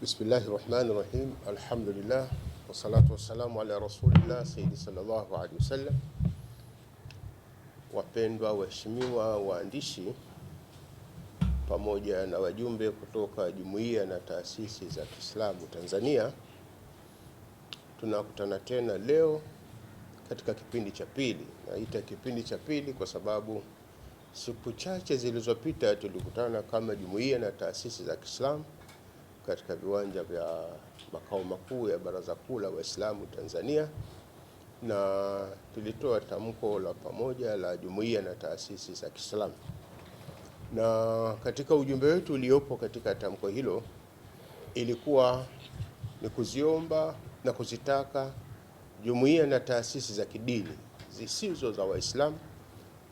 Bismillahi rahmani rahim, alhamdulillah wassalatu wassalamu ala rasulillah sayyidi sallallahu alaihi wasallam. Wapendwa waheshimiwa waandishi pamoja na wajumbe kutoka jumuiya na taasisi za Kiislamu Tanzania, tunakutana tena leo katika kipindi cha pili. Naita kipindi cha pili kwa sababu siku chache zilizopita tulikutana kama jumuiya na taasisi za Kiislamu katika viwanja vya makao makuu ya Baraza Kuu la Waislamu Tanzania na tulitoa tamko la pamoja la jumuiya na taasisi za Kiislamu. Na katika ujumbe wetu uliopo katika tamko hilo ilikuwa ni kuziomba na kuzitaka jumuiya na taasisi za kidini zisizo za Waislamu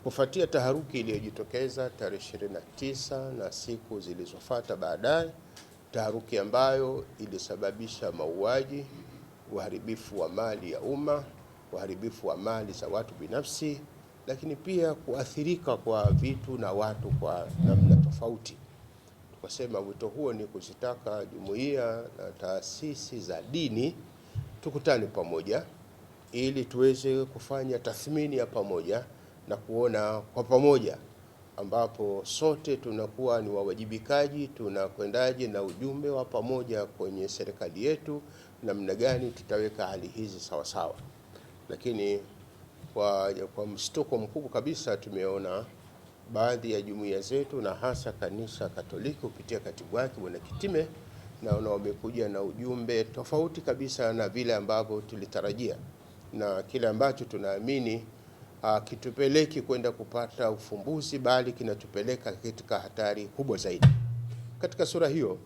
kufuatia taharuki iliyojitokeza tarehe 29 na siku zilizofuata baadaye taharuki ambayo ilisababisha mauaji, uharibifu wa mali ya umma, uharibifu wa mali za watu binafsi, lakini pia kuathirika kwa vitu na watu kwa namna tofauti. Tukasema wito huo ni kuzitaka jumuiya na taasisi za dini tukutane pamoja ili tuweze kufanya tathmini ya pamoja na kuona kwa pamoja ambapo sote tunakuwa ni wawajibikaji, tunakwendaje na ujumbe wa pamoja kwenye serikali yetu, namna gani tutaweka hali hizi sawa sawa. Lakini kwa, kwa mshtuko mkubwa kabisa tumeona baadhi ya jumuiya zetu na hasa kanisa Katoliki kupitia katibu wake Bwana Kitime, naona wamekuja na ujumbe tofauti kabisa na vile ambavyo tulitarajia na kile ambacho tunaamini hakitupeleki kwenda kupata ufumbuzi, bali kinatupeleka katika hatari kubwa zaidi. Katika sura hiyo,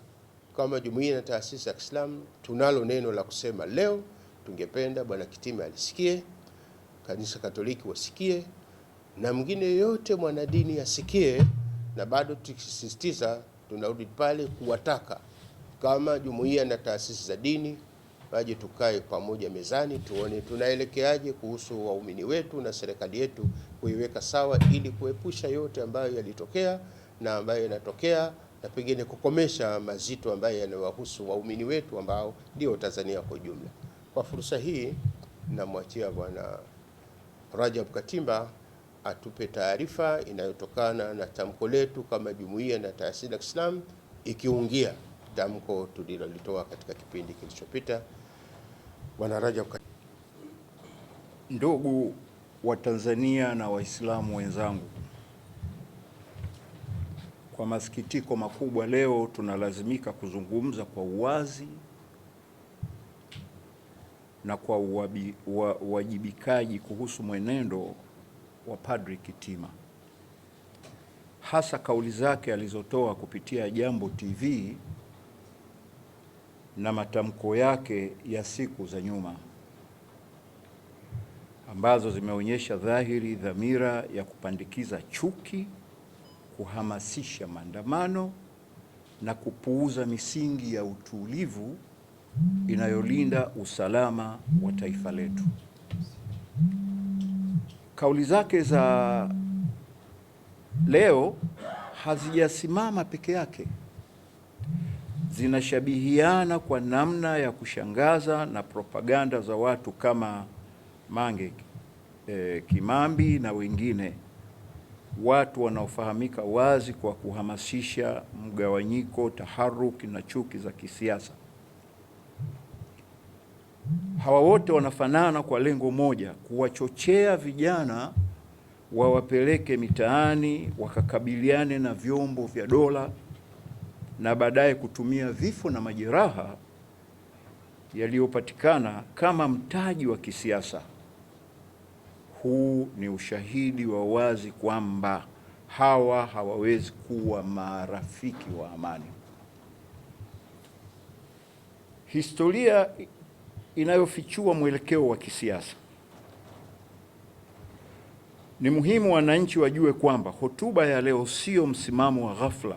kama jumuiya na taasisi ya Kiislamu tunalo neno la kusema leo. Tungependa Bwana Kitime alisikie, kanisa Katoliki wasikie, na mwingine yoyote mwanadini asikie, na bado tukisisitiza, tunarudi pale kuwataka kama jumuiya na taasisi za dini waje tukae pamoja mezani, tuone tunaelekeaje kuhusu waumini wetu na serikali yetu kuiweka sawa, ili kuepusha yote ambayo yalitokea na ambayo yanatokea na pengine kukomesha mazito ambayo yanawahusu waumini wetu ambao ndio Tanzania kwa ujumla. Kwa fursa hii namwachia Bwana Rajab Katimba atupe taarifa inayotokana na tamko letu kama jumuiya na taasisi ya Kiislamu ikiungia tamko tulilolitoa katika kipindi kilichopita. Bwana Rajab, ndugu wa Tanzania na Waislamu wenzangu, kwa masikitiko makubwa leo tunalazimika kuzungumza kwa uwazi na kwa uwajibikaji kuhusu mwenendo wa Padri Kitima, hasa kauli zake alizotoa kupitia Jambo TV na matamko yake ya siku za nyuma ambazo zimeonyesha dhahiri dhamira ya kupandikiza chuki, kuhamasisha maandamano na kupuuza misingi ya utulivu inayolinda usalama wa taifa letu. Kauli zake za leo hazijasimama peke yake zinashabihiana kwa namna ya kushangaza na propaganda za watu kama Mange e, Kimambi na wengine, watu wanaofahamika wazi kwa kuhamasisha mgawanyiko, taharuki na chuki za kisiasa. Hawa wote wanafanana kwa lengo moja, kuwachochea vijana wawapeleke mitaani wakakabiliane na vyombo vya dola na baadaye kutumia vifo na majeraha yaliyopatikana kama mtaji wa kisiasa. Huu ni ushahidi wa wazi kwamba hawa hawawezi kuwa marafiki wa amani. Historia inayofichua mwelekeo wa kisiasa. Ni muhimu wananchi wajue kwamba hotuba ya leo sio msimamo wa ghafla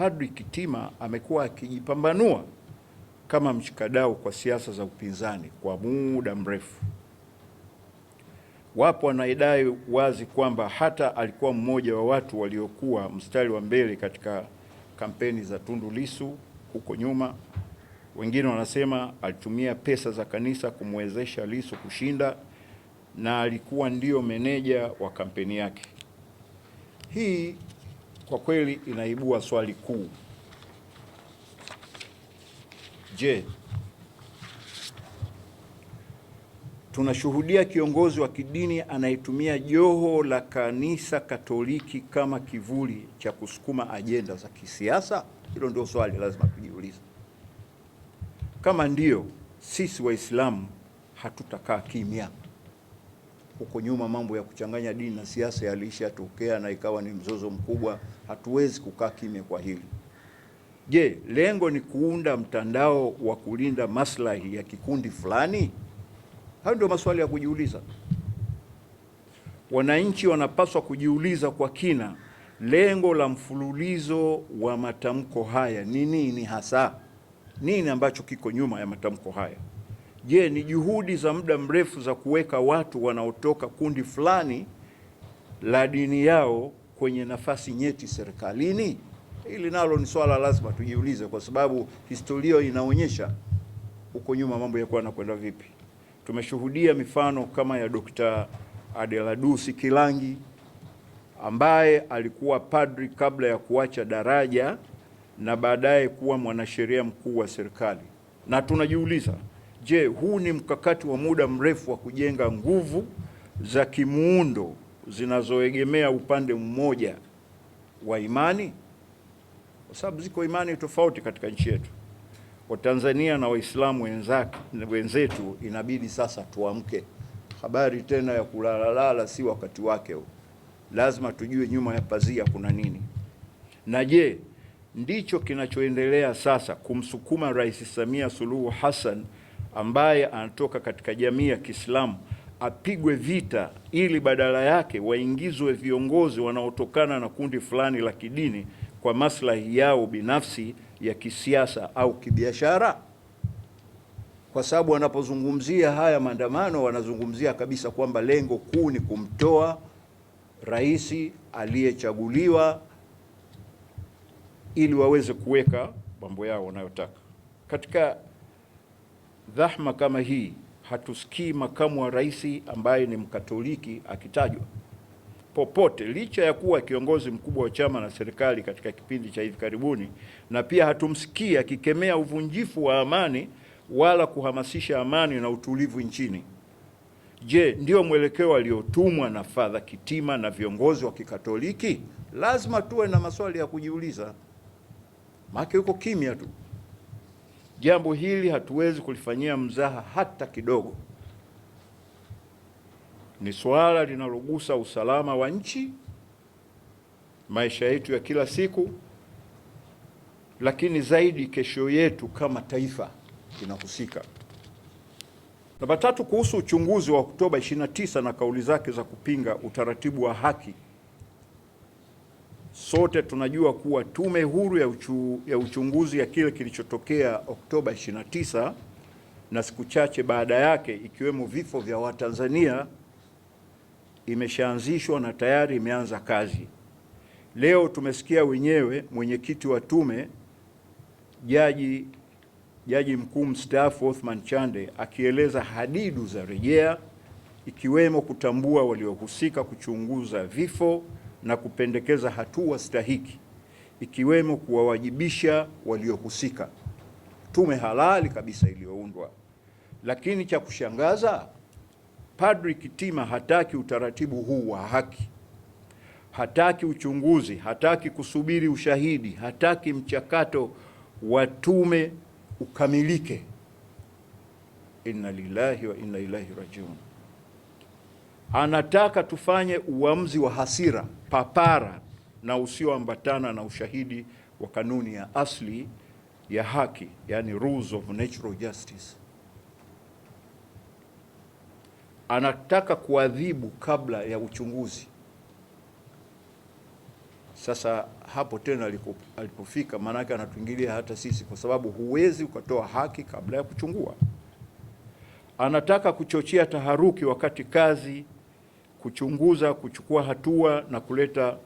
Padri Kitima amekuwa akijipambanua kama mshikadau kwa siasa za upinzani kwa muda mrefu. Wapo wanaidai wazi kwamba hata alikuwa mmoja wa watu waliokuwa mstari wa mbele katika kampeni za Tundu Lissu huko nyuma. Wengine wanasema alitumia pesa za kanisa kumwezesha Lissu kushinda na alikuwa ndio meneja wa kampeni yake. Hii kwa kweli inaibua swali kuu. Je, tunashuhudia kiongozi wa kidini anayetumia joho la Kanisa Katoliki kama kivuli cha kusukuma ajenda za kisiasa? Hilo ndio swali lazima tujiulize. Kama ndio sisi Waislamu hatutakaa kimya. Huko nyuma mambo ya kuchanganya dini na siasa yalishatokea na ikawa ni mzozo mkubwa. Hatuwezi kukaa kimya kwa hili. Je, lengo ni kuunda mtandao wa kulinda maslahi ya kikundi fulani? Hayo ndio maswali ya kujiuliza. Wananchi wanapaswa kujiuliza kwa kina, lengo la mfululizo wa matamko haya ni nini hasa? Nini ambacho kiko nyuma ya matamko haya? Je, ni juhudi za muda mrefu za kuweka watu wanaotoka kundi fulani la dini yao kwenye nafasi nyeti serikalini? Hili nalo ni swala lazima tujiulize, kwa sababu historia inaonyesha huko nyuma mambo yalikuwa yanakwenda vipi. Tumeshuhudia mifano kama ya Dr. Adeladusi Kilangi ambaye alikuwa padri kabla ya kuacha daraja na baadaye kuwa mwanasheria mkuu wa serikali, na tunajiuliza Je, huu ni mkakati wa muda mrefu wa kujenga nguvu za kimuundo zinazoegemea upande mmoja wa imani? Kwa sababu ziko imani tofauti katika nchi yetu. Watanzania na Waislamu wenzetu inabidi sasa tuamke. Habari tena ya kulalalala si wakati wake huu. Lazima tujue nyuma ya pazia kuna nini, na je, ndicho kinachoendelea sasa kumsukuma Rais Samia Suluhu Hassan ambaye anatoka katika jamii ya Kiislamu apigwe vita ili badala yake waingizwe viongozi wanaotokana na kundi fulani la kidini kwa maslahi yao binafsi ya kisiasa au kibiashara? Kwa sababu wanapozungumzia haya maandamano wanazungumzia kabisa kwamba lengo kuu ni kumtoa rais aliyechaguliwa ili waweze kuweka mambo yao wanayotaka katika dhahma kama hii hatusikii makamu wa rais ambaye ni Mkatoliki akitajwa popote, licha ya kuwa kiongozi mkubwa wa chama na serikali katika kipindi cha hivi karibuni, na pia hatumsikii akikemea uvunjifu wa amani wala kuhamasisha amani na utulivu nchini. Je, ndio mwelekeo aliotumwa na Fadha Kitima na viongozi wa Kikatoliki? Lazima tuwe na maswali ya kujiuliza, make yuko kimya tu. Jambo hili hatuwezi kulifanyia mzaha hata kidogo. Ni suala linalogusa usalama wa nchi, maisha yetu ya kila siku, lakini zaidi kesho yetu kama taifa inahusika. Namba tatu, kuhusu uchunguzi wa Oktoba 29 na kauli zake za kupinga utaratibu wa haki Sote tunajua kuwa tume huru ya, uchu, ya uchunguzi ya kile kilichotokea Oktoba 29 na siku chache baada yake ikiwemo vifo vya Watanzania imeshaanzishwa na tayari imeanza kazi. Leo tumesikia wenyewe mwenyekiti wa tume Jaji Jaji mkuu mstaafu Othman Chande akieleza hadidu za rejea ikiwemo kutambua waliohusika kuchunguza vifo na kupendekeza hatua stahiki ikiwemo kuwawajibisha waliohusika. Tume halali kabisa iliyoundwa, lakini cha kushangaza Padri Kitima hataki utaratibu huu wa haki, hataki uchunguzi, hataki kusubiri ushahidi, hataki mchakato wa tume ukamilike. Inna lillahi wa inna ilaihi rajiun anataka tufanye uamuzi wa hasira, papara na usioambatana na ushahidi wa kanuni ya asili ya haki, yani rules of natural justice. Anataka kuadhibu kabla ya uchunguzi. Sasa hapo tena alipofika, maanake anatuingilia hata sisi, kwa sababu huwezi ukatoa haki kabla ya kuchungua. Anataka kuchochea taharuki wakati kazi kuchunguza, kuchukua hatua na kuleta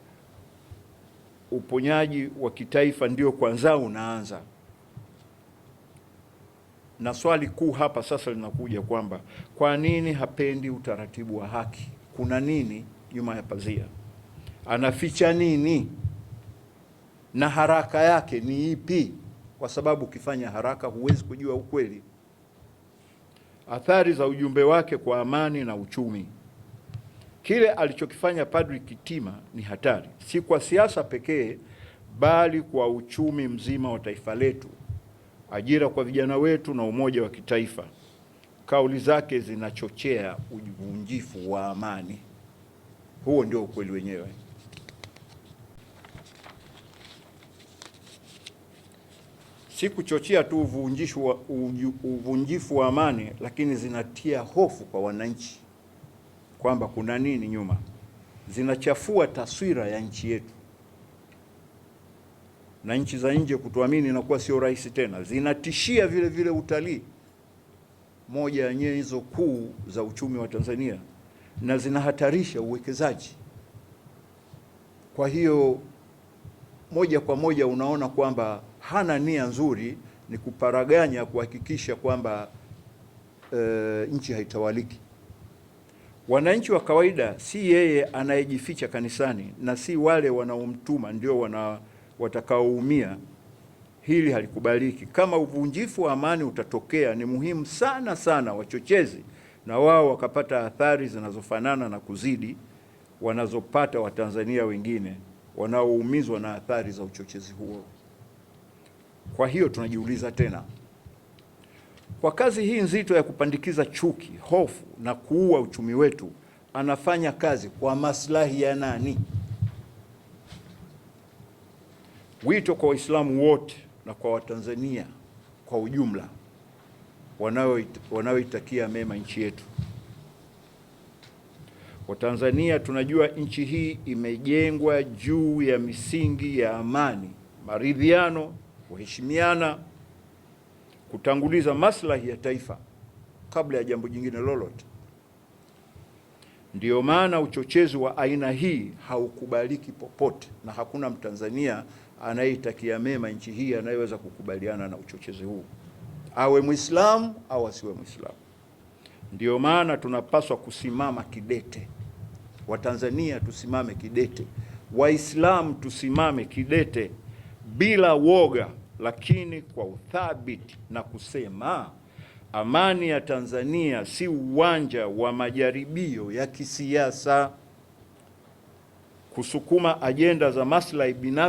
uponyaji wa kitaifa ndio kwanza unaanza. Na swali kuu hapa sasa linakuja kwamba kwa nini hapendi utaratibu wa haki? Kuna nini nyuma ya pazia? Anaficha nini? Na haraka yake ni ipi? Kwa sababu ukifanya haraka huwezi kujua ukweli, athari za ujumbe wake kwa amani na uchumi. Kile alichokifanya Padri Kitima ni hatari, si kwa siasa pekee, bali kwa uchumi mzima wa taifa letu, ajira kwa vijana wetu na umoja wa kitaifa. Kauli zake zinachochea uvunjifu wa amani. Huo ndio ukweli wenyewe. Si kuchochea tu uvunjifu wa amani, lakini zinatia hofu kwa wananchi kwamba kuna nini nyuma, zinachafua taswira ya nchi yetu, na nchi za nje kutuamini inakuwa sio rahisi tena. Zinatishia vile vile utalii, moja ya nyenzo kuu za uchumi wa Tanzania, na zinahatarisha uwekezaji. Kwa hiyo moja kwa moja unaona kwamba hana nia nzuri, ni kuparaganya kuhakikisha kwamba e, nchi haitawaliki. Wananchi wa kawaida si yeye anayejificha kanisani na si wale wanaomtuma ndio wana watakaoumia. Hili halikubaliki. Kama uvunjifu wa amani utatokea, ni muhimu sana sana wachochezi na wao wakapata athari zinazofanana na kuzidi wanazopata Watanzania wengine wanaoumizwa na athari za uchochezi huo. Kwa hiyo tunajiuliza tena kwa kazi hii nzito ya kupandikiza chuki, hofu na kuua uchumi wetu, anafanya kazi kwa maslahi ya nani? Wito kwa Waislamu wote na kwa Watanzania kwa ujumla wanaoitakia mema nchi yetu. Watanzania tunajua nchi hii imejengwa juu ya misingi ya amani, maridhiano, kuheshimiana kutanguliza maslahi ya taifa kabla ya jambo jingine lolote. Ndiyo maana uchochezi wa aina hii haukubaliki popote, na hakuna Mtanzania anayeitakia mema nchi hii anayeweza kukubaliana na uchochezi huu, awe Mwislamu au asiwe Mwislamu. Ndiyo maana tunapaswa kusimama kidete, Watanzania tusimame kidete, Waislamu tusimame kidete bila woga lakini kwa uthabiti na kusema amani ya Tanzania si uwanja wa majaribio ya kisiasa, kusukuma ajenda za maslahi binafsi